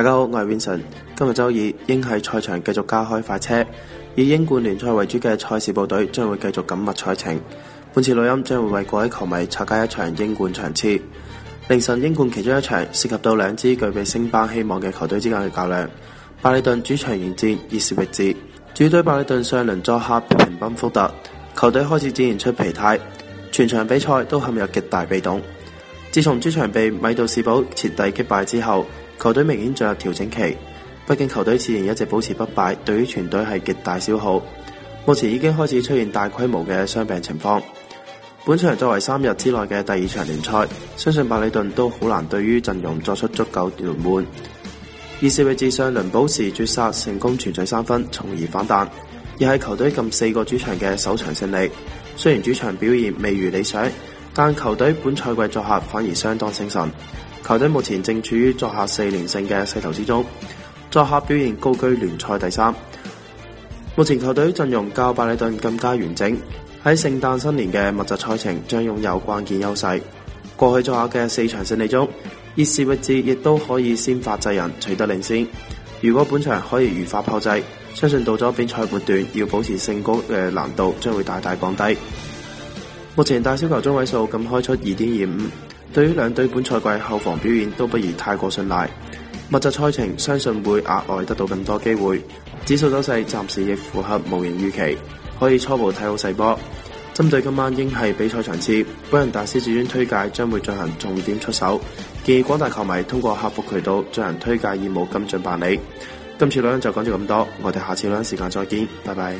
大家好，我係 Vincent。今日周二，英系賽場繼續加開快車，以英冠聯賽為主嘅賽事部隊將會繼續緊密賽程。本次錄音將會為各位球迷拆解一場英冠場次。凌晨，英冠其中一場涉及到兩支具備升班希望嘅球隊之間嘅較量。巴里頓主場迎戰葉士域治。主隊巴里頓上輪作客平賓福特，球隊開始展現出疲態，全場比賽都陷入極大被動。自從主場被米杜士堡徹底擊敗之後，球隊明顯進入調整期，畢竟球隊此前一直保持不敗，對於全隊係極大消耗。目前已經開始出現大規模嘅傷病情況。本場作為三日之內嘅第二場聯賽，相信拜里頓都好難對於陣容作出足夠調換。以四位至上輪補時絕殺成功全取三分，從而反彈，而係球隊近四個主場嘅首場勝利。雖然主場表現未如理想。但球隊本賽季作客反而相當精神，球隊目前正處於作客四連勝嘅勢頭之中，作客表現高居聯賽第三。目前球隊陣容較巴里頓更加完整，喺聖誕新年嘅密集賽程將擁有關鍵優勢。過去作客嘅四場勝利中，熱少物之亦都可以先發制人取得領先。如果本場可以如法炮製，相信到咗比賽末段要保持勝果嘅難度將會大大降低。目前大小球中位數咁開出二點二五，對於兩隊本賽季後防表現都不宜太過信賴。密集賽程相信會額外得到更多機會，指數走勢暫時亦符合模型預期，可以初步睇好細波。針對今晚英係比賽場次，本人大師至尊推介將會進行重點出手，建議廣大球迷通過客服渠道進行推介業務跟進辦理。今次兩就講咗咁多，我哋下次兩時間再見，拜拜。